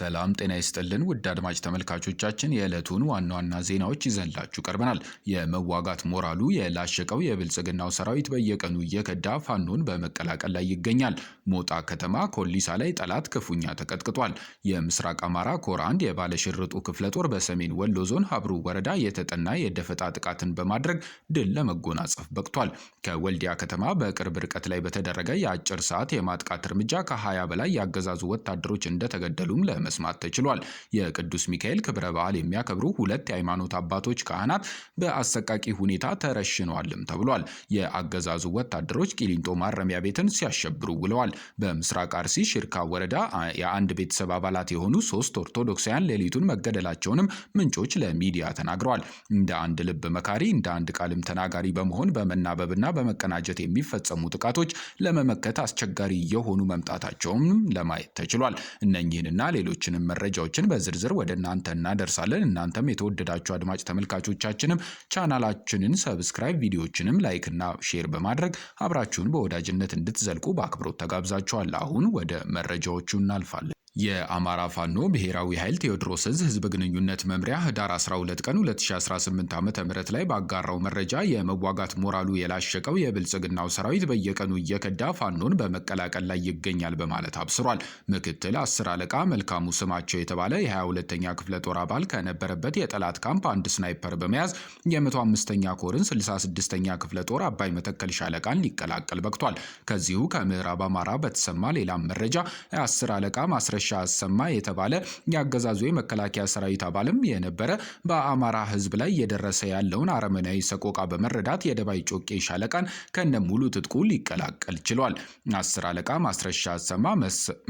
ሰላም ጤና ይስጥልን ውድ አድማጭ ተመልካቾቻችን የዕለቱን ዋና ዋና ዜናዎች ይዘንላችሁ ቀርበናል። የመዋጋት ሞራሉ የላሸቀው የብልጽግናው ሰራዊት በየቀኑ እየከዳ ፋኖን በመቀላቀል ላይ ይገኛል። ሞጣ ከተማ ኮሊሳ ላይ ጠላት ክፉኛ ተቀጥቅጧል። የምስራቅ አማራ ኮር አንድ የባለሽርጡ ክፍለ ጦር በሰሜን ወሎ ዞን ሀብሩ ወረዳ የተጠና የደፈጣ ጥቃትን በማድረግ ድል ለመጎናጸፍ በቅቷል። ከወልዲያ ከተማ በቅርብ ርቀት ላይ በተደረገ የአጭር ሰዓት የማጥቃት እርምጃ ከ20 በላይ ያገዛዙ ወታደሮች እንደተገደሉም መስማት ተችሏል። የቅዱስ ሚካኤል ክብረ በዓል የሚያከብሩ ሁለት የሃይማኖት አባቶች ካህናት በአሰቃቂ ሁኔታ ተረሽነዋልም ተብሏል። የአገዛዙ ወታደሮች ቂሊንጦ ማረሚያ ቤትን ሲያሸብሩ ውለዋል። በምስራቅ አርሲ ሽርካ ወረዳ የአንድ ቤተሰብ አባላት የሆኑ ሶስት ኦርቶዶክሳውያን ሌሊቱን መገደላቸውንም ምንጮች ለሚዲያ ተናግረዋል። እንደ አንድ ልብ መካሪ እንደ አንድ ቃልም ተናጋሪ በመሆን በመናበብና በመቀናጀት የሚፈጸሙ ጥቃቶች ለመመከት አስቸጋሪ የሆኑ መምጣታቸውንም ለማየት ተችሏል። እነኚህንና ሌሎች ሌሎችንም መረጃዎችን በዝርዝር ወደ እናንተ እናደርሳለን። እናንተም የተወደዳችሁ አድማጭ ተመልካቾቻችንም ቻናላችንን ሰብስክራይብ፣ ቪዲዮዎችንም እና ሼር በማድረግ አብራችሁን በወዳጅነት እንድትዘልቁ በአክብሮት ተጋብዛችኋል። አሁን ወደ መረጃዎቹ እናልፋለን። የአማራ ፋኖ ብሔራዊ ኃይል ቴዎድሮስ ዕዝ ህዝብ ግንኙነት መምሪያ ህዳር 12 ቀን 2018 ዓ ም ላይ ባጋራው መረጃ የመዋጋት ሞራሉ የላሸቀው የብልጽግናው ሰራዊት በየቀኑ እየከዳ ፋኖን በመቀላቀል ላይ ይገኛል በማለት አብስሯል። ምክትል አስር አለቃ መልካሙ ስማቸው የተባለ የ22ኛ ክፍለ ጦር አባል ከነበረበት የጠላት ካምፕ አንድ ስናይፐር በመያዝ የ105ኛ ኮርን 66ኛ ክፍለ ጦር አባይ መተከል ሻለቃን ሊቀላቀል በቅቷል። ከዚሁ ከምዕራብ አማራ በተሰማ ሌላም መረጃ የአስር አለቃ ማስረሻ ጋሻ አሰማ የተባለ የአገዛዙ የመከላከያ ሰራዊት አባልም የነበረ በአማራ ህዝብ ላይ እየደረሰ ያለውን አረመናዊ ሰቆቃ በመረዳት የደባይ ጮቄ ሻለቃን ከነ ሙሉ ትጥቁ ሊቀላቀል ችሏል። አስር አለቃ ማስረሻ አሰማ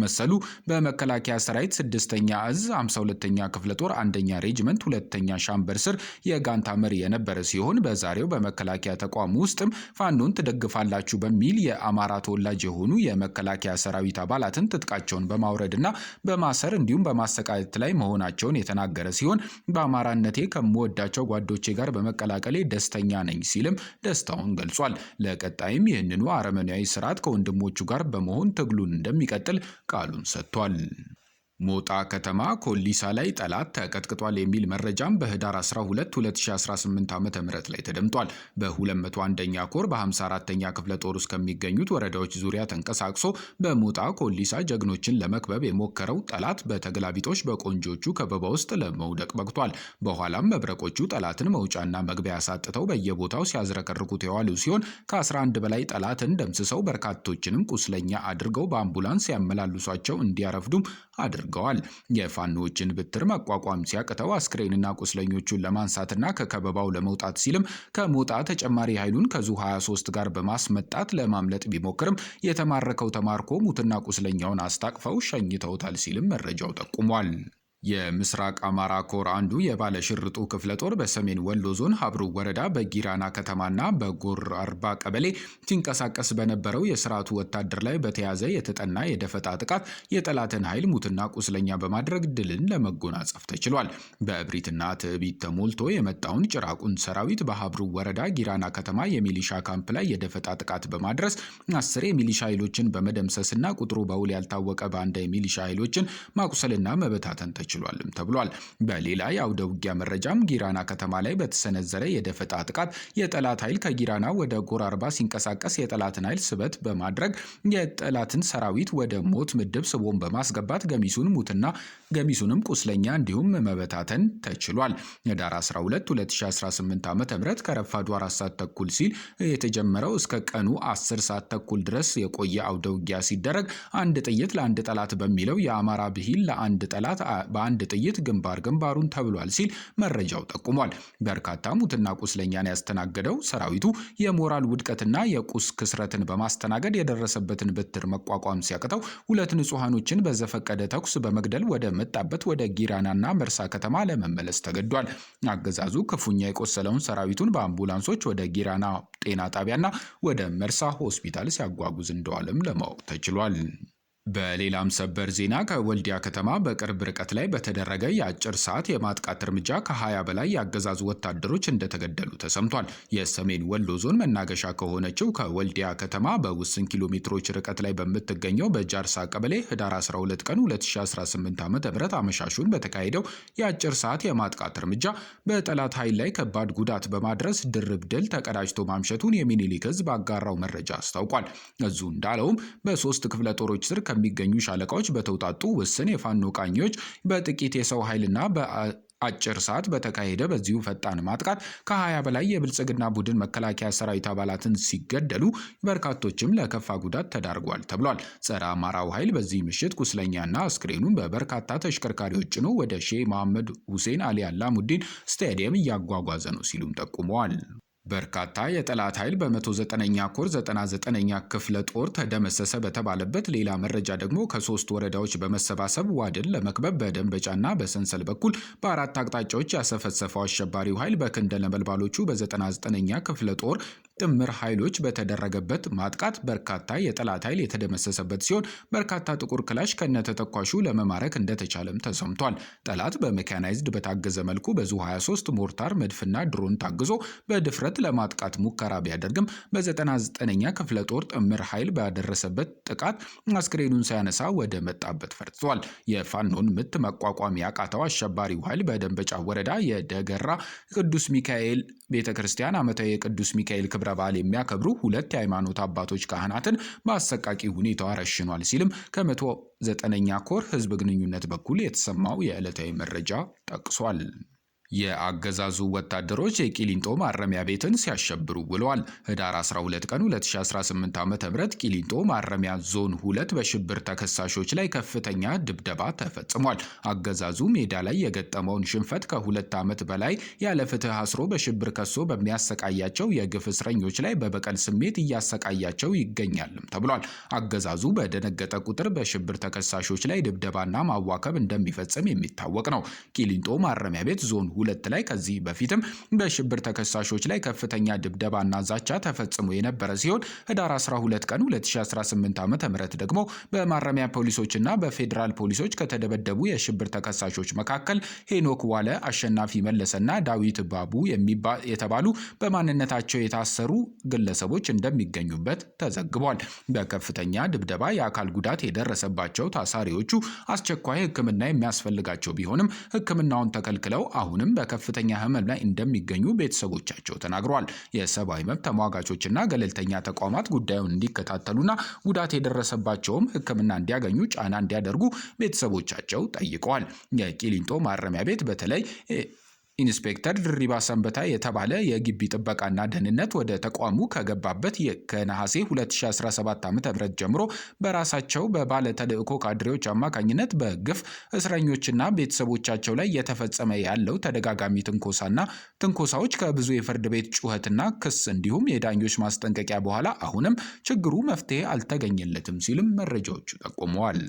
መሰሉ በመከላከያ ሰራዊት ስድስተኛ እዝ 52ኛ ክፍለ ጦር አንደኛ ሬጅመንት ሁለተኛ ሻምበር ስር የጋንታ መሪ የነበረ ሲሆን በዛሬው በመከላከያ ተቋም ውስጥም ፋኖን ትደግፋላችሁ በሚል የአማራ ተወላጅ የሆኑ የመከላከያ ሰራዊት አባላትን ትጥቃቸውን በማውረድና በማሰር እንዲሁም በማሰቃየት ላይ መሆናቸውን የተናገረ ሲሆን በአማራነቴ ከምወዳቸው ጓዶቼ ጋር በመቀላቀሌ ደስተኛ ነኝ ሲልም ደስታውን ገልጿል። ለቀጣይም ይህንኑ አረመኔያዊ ስርዓት ከወንድሞቹ ጋር በመሆን ትግሉን እንደሚቀጥል ቃሉን ሰጥቷል። ሞጣ ከተማ ኮሊሳ ላይ ጠላት ተቀጥቅጧል የሚል መረጃም በህዳር 12 2018 ዓ ም ላይ ተደምጧል። በ201ኛ ኮር በ54ኛ ክፍለ ጦር ውስጥ ከሚገኙት ወረዳዎች ዙሪያ ተንቀሳቅሶ በሞጣ ኮሊሳ ጀግኖችን ለመክበብ የሞከረው ጠላት በተገላቢጦች በቆንጆቹ ከበባ ውስጥ ለመውደቅ በቅቷል። በኋላም መብረቆቹ ጠላትን መውጫና መግቢያ ያሳጥተው በየቦታው ሲያዝረከርኩት የዋሉ ሲሆን ከ11 በላይ ጠላትን ደምስሰው በርካቶችንም ቁስለኛ አድርገው በአምቡላንስ ያመላልሷቸው እንዲያረፍዱም አድርገዋል። አድርገዋል። የፋኖዎችን ብትር መቋቋም ሲያቅተው አስክሬንና ቁስለኞቹን ለማንሳትና ከከበባው ለመውጣት ሲልም ከሞጣ ተጨማሪ ኃይሉን ከዙ 23 ጋር በማስመጣት ለማምለጥ ቢሞክርም የተማረከው ተማርኮ ሙትና ቁስለኛውን አስታቅፈው ሸኝተውታል ሲልም መረጃው ጠቁሟል። የምስራቅ አማራ ኮር አንዱ የባለ ሽርጡ ክፍለ ጦር በሰሜን ወሎ ዞን ሀብሩ ወረዳ በጊራና ከተማና በጎር አርባ ቀበሌ ሲንቀሳቀስ በነበረው የስርዓቱ ወታደር ላይ በተያዘ የተጠና የደፈጣ ጥቃት የጠላትን ኃይል ሙትና ቁስለኛ በማድረግ ድልን ለመጎናጸፍ ተችሏል። በእብሪትና ትዕቢት ተሞልቶ የመጣውን ጭራቁን ሰራዊት በሀብሩ ወረዳ ጊራና ከተማ የሚሊሻ ካምፕ ላይ የደፈጣ ጥቃት በማድረስ አስር የሚሊሻ ኃይሎችን በመደምሰስና ቁጥሩ በውል ያልታወቀ ባንዳ የሚሊሻ ኃይሎችን ማቁሰልና መበታተን ተችሏል። ተችሏልም ተብሏል። በሌላ የአውደ ውጊያ መረጃም ጊራና ከተማ ላይ በተሰነዘረ የደፈጣ ጥቃት የጠላት ኃይል ከጊራና ወደ ጎር አርባ ሲንቀሳቀስ የጠላትን ኃይል ስበት በማድረግ የጠላትን ሰራዊት ወደ ሞት ምድብ ስቦን በማስገባት ገሚሱን ሙትና ገሚሱንም ቁስለኛ እንዲሁም መበታተን ተችሏል። ህዳር 12 2018 ዓ ም ከረፋዱ 4 ሰዓት ተኩል ሲል የተጀመረው እስከ ቀኑ 10 ሰዓት ተኩል ድረስ የቆየ አውደ ውጊያ ሲደረግ አንድ ጥይት ለአንድ ጠላት በሚለው የአማራ ብሂል ለአንድ ጠላት በአንድ ጥይት ግንባር ግንባሩን ተብሏል ሲል መረጃው ጠቁሟል። በርካታ ሙትና ቁስለኛን ያስተናገደው ሰራዊቱ የሞራል ውድቀትና የቁስ ክስረትን በማስተናገድ የደረሰበትን ብትር መቋቋም ሲያቅተው ሁለት ንጹሐኖችን በዘፈቀደ ተኩስ በመግደል ወደ ወደመጣበት ወደ ጊራናና መርሳ ከተማ ለመመለስ ተገዷል። አገዛዙ ክፉኛ የቆሰለውን ሰራዊቱን በአምቡላንሶች ወደ ጊራና ጤና ጣቢያና ወደ መርሳ ሆስፒታል ሲያጓጉዝ እንደዋለም ለማወቅ ተችሏል። በሌላም ሰበር ዜና ከወልዲያ ከተማ በቅርብ ርቀት ላይ በተደረገ የአጭር ሰዓት የማጥቃት እርምጃ ከ20 በላይ የአገዛዙ ወታደሮች እንደተገደሉ ተሰምቷል። የሰሜን ወሎ ዞን መናገሻ ከሆነችው ከወልዲያ ከተማ በውስን ኪሎ ሜትሮች ርቀት ላይ በምትገኘው በጃርሳ ቀበሌ ህዳር 12 ቀን 2018 ዓ ም አመሻሹን በተካሄደው የአጭር ሰዓት የማጥቃት እርምጃ በጠላት ኃይል ላይ ከባድ ጉዳት በማድረስ ድርብ ድል ተቀዳጅቶ ማምሸቱን የሚኒሊክ ህዝብ አጋራው መረጃ አስታውቋል። እዙ እንዳለውም በሶስት ክፍለ ጦሮች ስር ከሚገኙ ሻለቃዎች በተውጣጡ ውስን የፋኖ ቃኞች በጥቂት የሰው ኃይልና አጭር ሰዓት በተካሄደ በዚሁ ፈጣን ማጥቃት ከ20 በላይ የብልጽግና ቡድን መከላከያ ሰራዊት አባላትን ሲገደሉ በርካቶችም ለከፋ ጉዳት ተዳርጓል ተብሏል። ጸረ አማራው ኃይል በዚህ ምሽት ቁስለኛና አስክሬኑን በበርካታ ተሽከርካሪዎች ጭኖ ወደ ሼህ መሐመድ ሁሴን አሊ አላሙዲን ስታዲየም እያጓጓዘ ነው ሲሉም ጠቁመዋል። በርካታ የጠላት ኃይል በ109ኛ ኮር 99ኛ ክፍለ ጦር ተደመሰሰ በተባለበት ሌላ መረጃ ደግሞ ከሶስት ወረዳዎች በመሰባሰብ ዋድን ለመክበብ በደንበጫና በሰንሰል በኩል በአራት አቅጣጫዎች ያሰፈሰፈው አሸባሪው ኃይል በክንደ ነበልባሎቹ በ99ኛ ክፍለ ጦር ጥምር ኃይሎች በተደረገበት ማጥቃት በርካታ የጠላት ኃይል የተደመሰሰበት ሲሆን በርካታ ጥቁር ክላሽ ከነተተኳሹ ለመማረክ እንደተቻለም ተሰምቷል። ጠላት በሜካናይዝድ በታገዘ መልኩ በዙ 23 ሞርታር፣ መድፍና ድሮን ታግዞ በድፍረት ለማጥቃት ሙከራ ቢያደርግም በ99ኛ ክፍለ ጦር ጥምር ኃይል ባደረሰበት ጥቃት አስክሬኑን ሳያነሳ ወደ መጣበት ፈርጥቷል። የፋኖን ምት መቋቋም ያቃተው አሸባሪው ኃይል በደንበጫ ወረዳ የደገራ ቅዱስ ሚካኤል ቤተ ክርስቲያን ዓመታዊ የቅዱስ ሚካኤል ክብረ ክብረ በዓል የሚያከብሩ ሁለት የሃይማኖት አባቶች ካህናትን በአሰቃቂ ሁኔታዋ ረሽኗል ሲልም ከመቶ ዘጠነኛ ኮር ህዝብ ግንኙነት በኩል የተሰማው የዕለታዊ መረጃ ጠቅሷል። የአገዛዙ ወታደሮች የቂሊንጦ ማረሚያ ቤትን ሲያሸብሩ ውለዋል። ህዳር 12 ቀን 2018 ዓ.ም ቂሊንጦ ማረሚያ ዞን ሁለት በሽብር ተከሳሾች ላይ ከፍተኛ ድብደባ ተፈጽሟል። አገዛዙ ሜዳ ላይ የገጠመውን ሽንፈት ከሁለት ዓመት በላይ ያለ ፍትህ አስሮ በሽብር ከሶ በሚያሰቃያቸው የግፍ እስረኞች ላይ በበቀል ስሜት እያሰቃያቸው ይገኛልም ተብሏል። አገዛዙ በደነገጠ ቁጥር በሽብር ተከሳሾች ላይ ድብደባና ማዋከብ እንደሚፈጽም የሚታወቅ ነው። ቂሊንጦ ማረሚያ ቤት ዞን ሁለት ላይ ከዚህ በፊትም በሽብር ተከሳሾች ላይ ከፍተኛ ድብደባና ዛቻ ተፈጽሞ የነበረ ሲሆን ህዳር 12 ቀን 2018 ዓ.ም ደግሞ በማረሚያ ፖሊሶችና በፌዴራል ፖሊሶች ከተደበደቡ የሽብር ተከሳሾች መካከል ሄኖክ ዋለ፣ አሸናፊ መለሰና ዳዊት ባቡ የተባሉ በማንነታቸው የታሰሩ ግለሰቦች እንደሚገኙበት ተዘግቧል። በከፍተኛ ድብደባ የአካል ጉዳት የደረሰባቸው ታሳሪዎቹ አስቸኳይ ሕክምና የሚያስፈልጋቸው ቢሆንም ሕክምናውን ተከልክለው አሁንም አሁንም በከፍተኛ ህመም ላይ እንደሚገኙ ቤተሰቦቻቸው ተናግረዋል። የሰብአዊ መብት ተሟጋቾችና ገለልተኛ ተቋማት ጉዳዩን እንዲከታተሉና ጉዳት የደረሰባቸውም ሕክምና እንዲያገኙ ጫና እንዲያደርጉ ቤተሰቦቻቸው ጠይቀዋል። የቂሊንጦ ማረሚያ ቤት በተለይ ኢንስፔክተር ድሪባ ሰንበታ የተባለ የግቢ ጥበቃና ደህንነት ወደ ተቋሙ ከገባበት ከነሐሴ 2017 ዓ.ም ጀምሮ በራሳቸው በባለ ካድሬዎች አማካኝነት በግፍ እስረኞችና ቤተሰቦቻቸው ላይ እየተፈጸመ ያለው ተደጋጋሚ ትንኮሳና ትንኮሳዎች ከብዙ የፍርድ ቤት ጩኸትና ክስ እንዲሁም የዳኞች ማስጠንቀቂያ በኋላ አሁንም ችግሩ መፍትሄ አልተገኘለትም ሲልም መረጃዎቹ ጠቁመዋል።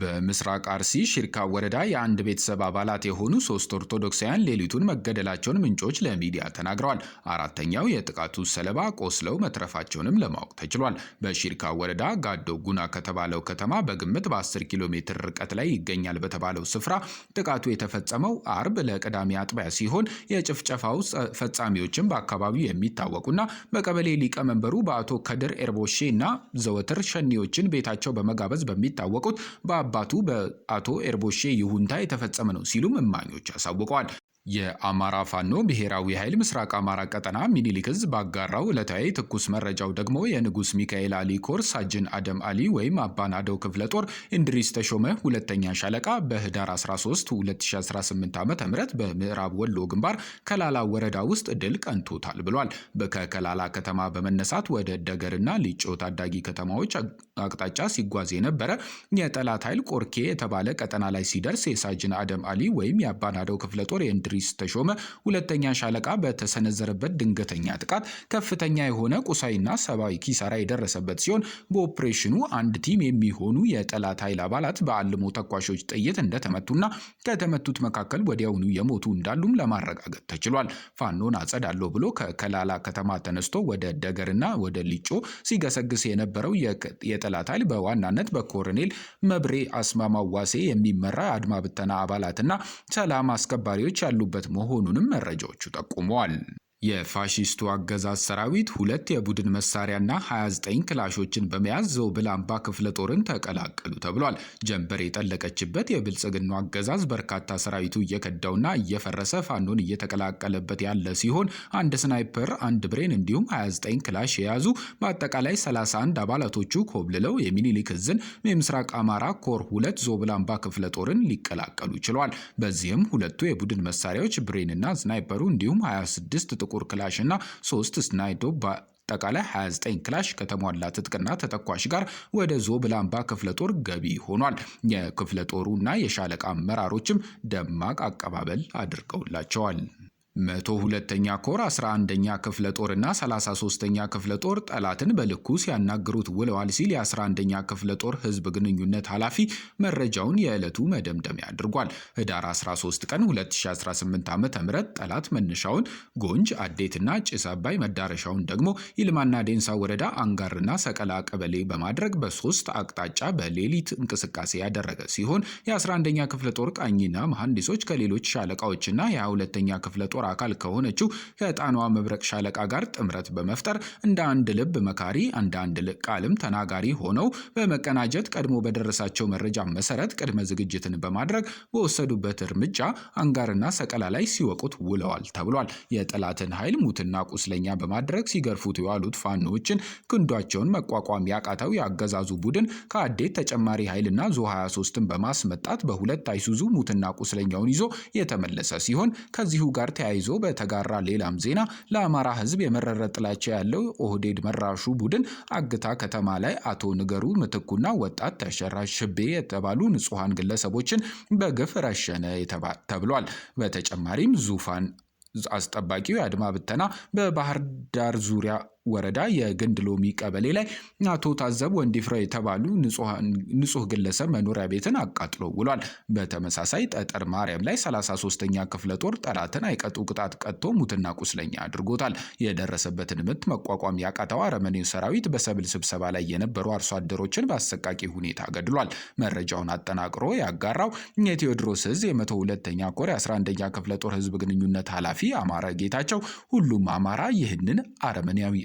በምስራቅ አርሲ ሺርካ ወረዳ የአንድ ቤተሰብ አባላት የሆኑ ሶስት ኦርቶዶክሳውያን ሌሊቱን መገደላቸውን ምንጮች ለሚዲያ ተናግረዋል። አራተኛው የጥቃቱ ሰለባ ቆስለው መትረፋቸውንም ለማወቅ ተችሏል። በሺርካ ወረዳ ጋዶ ጉና ከተባለው ከተማ በግምት በ10 ኪሎ ሜትር ርቀት ላይ ይገኛል በተባለው ስፍራ ጥቃቱ የተፈጸመው አርብ ለቅዳሜ አጥቢያ ሲሆን የጭፍጨፋው ፈጻሚዎችም በአካባቢው የሚታወቁና በቀበሌ ሊቀመንበሩ በአቶ ከድር ኤርቦሼ እና ዘወትር ሸኒዎችን ቤታቸው በመጋበዝ በሚታወቁት በአባቱ በአቶ ኤርቦሼ ይሁንታ የተፈጸመ ነው ሲሉም እማኞች አሳውቀዋል። የአማራ ፋኖ ብሔራዊ ኃይል ምስራቅ አማራ ቀጠና ሚኒሊክ ዕዝ ባጋራው ዕለታዊ ትኩስ መረጃው ደግሞ የንጉስ ሚካኤል አሊ ኮር ሳጅን አደም አሊ ወይም አባናደው ክፍለ ጦር እንድሪስ ተሾመ ሁለተኛ ሻለቃ በህዳር 13 2018 ዓ ም በምዕራብ ወሎ ግንባር ከላላ ወረዳ ውስጥ ድል ቀንቶታል ብሏል። ከከላላ ከተማ በመነሳት ወደ ደገርና ሊጮ ታዳጊ ከተማዎች አቅጣጫ ሲጓዝ የነበረ የጠላት ኃይል ቆርኬ የተባለ ቀጠና ላይ ሲደርስ የሳጅን አደም አሊ ወይም የአባናደው ክፍለ ጦር ኢድሪስ ተሾመ ሁለተኛ ሻለቃ በተሰነዘረበት ድንገተኛ ጥቃት ከፍተኛ የሆነ ቁሳዊና ሰብአዊ ኪሳራ የደረሰበት ሲሆን በኦፕሬሽኑ አንድ ቲም የሚሆኑ የጠላት ኃይል አባላት በአልሞ ተኳሾች ጥይት እንደተመቱና ከተመቱት መካከል ወዲያውኑ የሞቱ እንዳሉም ለማረጋገጥ ተችሏል። ፋኖን አጸዳለሁ ብሎ ከከላላ ከተማ ተነስቶ ወደ ደገርና ወደ ሊጮ ሲገሰግስ የነበረው የጠላት ኃይል በዋናነት በኮሎኔል መብሬ አስማማዋሴ የሚመራ አድማ ብተና አባላትና ሰላም አስከባሪዎች ያሉ ያሉበት መሆኑንም መረጃዎቹ ጠቁመዋል። የፋሺስቱ አገዛዝ ሰራዊት ሁለት የቡድን መሳሪያና 29 ክላሾችን በመያዝ ዘውብል ክፍለ ጦርን ተቀላቀሉ ተብሏል። ጀንበር የጠለቀችበት የብልጽግናው አገዛዝ በርካታ ሰራዊቱ እየከዳውና እየፈረሰ ፋኖን እየተቀላቀለበት ያለ ሲሆን አንድ ስናይፐር፣ አንድ ብሬን እንዲሁም 29 ክላሽ የያዙ በአጠቃላይ 31 አባላቶቹ ኮብልለው የሚኒሊክ እዝን የምስራቅ አማራ ኮር ሁለት ዞብል አምባ ክፍለ ጦርን ሊቀላቀሉ ችሏል። በዚህም ሁለቱ የቡድን መሳሪያዎች ብሬንና ስናይፐሩ እንዲሁም 26 ጥቁር ክላሽ እና ሶስት ስናይዶ በአጠቃላይ 29 ክላሽ ከተሟላ ትጥቅና ተተኳሽ ጋር ወደ ዞብላምባ ክፍለ ጦር ገቢ ሆኗል። የክፍለ ጦሩ እና የሻለቃ አመራሮችም ደማቅ አቀባበል አድርገውላቸዋል። መቶ ሁለተኛ ኮር 11ኛ ክፍለ ጦር እና 33ኛ ክፍለ ጦር ጠላትን በልኩ ሲያናግሩት ውለዋል ሲል የ11ኛ ክፍለ ጦር ህዝብ ግንኙነት ኃላፊ መረጃውን የዕለቱ መደምደሚያ አድርጓል። ህዳር 13 ቀን 2018 ዓ ም ጠላት መነሻውን ጎንጅ አዴትና ጭስ አባይ መዳረሻውን ደግሞ ይልማና ዴንሳ ወረዳ አንጋርና ሰቀላ ቀበሌ በማድረግ በሶስት አቅጣጫ በሌሊት እንቅስቃሴ ያደረገ ሲሆን የ11ኛ ክፍለ ጦር ቃኝና መሐንዲሶች ከሌሎች ሻለቃዎችና የ22ኛ ክፍለ ጦር ጦር አካል ከሆነችው ከጣናዋ መብረቅ ሻለቃ ጋር ጥምረት በመፍጠር እንደ አንድ ልብ መካሪ እንደ አንድ ቃልም ተናጋሪ ሆነው በመቀናጀት ቀድሞ በደረሳቸው መረጃ መሰረት ቅድመ ዝግጅትን በማድረግ በወሰዱበት እርምጃ አንጋርና ሰቀላ ላይ ሲወቁት ውለዋል ተብሏል። የጠላትን ኃይል ሙትና ቁስለኛ በማድረግ ሲገርፉት የዋሉት ፋኖዎችን ክንዷቸውን መቋቋም ያቃተው የአገዛዙ ቡድን ከአዴት ተጨማሪ ኃይልና ዙ 23ን በማስመጣት በሁለት አይሱዙ ሙትና ቁስለኛውን ይዞ የተመለሰ ሲሆን ከዚሁ ጋር ተያ ተያይዞ በተጋራ ሌላም ዜና ለአማራ ህዝብ የመረረ ጥላቻ ያለው ኦህዴድ መራሹ ቡድን አግታ ከተማ ላይ አቶ ንገሩ ምትኩና ወጣት ተሸራ ሽቤ የተባሉ ንጹሐን ግለሰቦችን በግፍ ረሸነ ተብሏል። በተጨማሪም ዙፋን አስጠባቂው የአድማ ብተና በባህር ዳር ዙሪያ ወረዳ የግንድ ሎሚ ቀበሌ ላይ አቶ ታዘብ ወንዲፍራ የተባሉ ንጹህ ግለሰብ መኖሪያ ቤትን አቃጥሎ ውሏል። በተመሳሳይ ጠጠር ማርያም ላይ 33ኛ ክፍለ ጦር ጠላትን አይቀጡ ቅጣት ቀጥቶ ሙትና ቁስለኛ አድርጎታል። የደረሰበትን ምት መቋቋም ያቃተው አረመኔው ሰራዊት በሰብል ስብሰባ ላይ የነበሩ አርሶ አደሮችን በአሰቃቂ ሁኔታ ገድሏል። መረጃውን አጠናቅሮ ያጋራው የቴዎድሮስ እዝ የመቶ ሁለተኛ ኮር የ11ኛ ክፍለ ጦር ህዝብ ግንኙነት ኃላፊ አማረ ጌታቸው፣ ሁሉም አማራ ይህንን አረመኔያዊ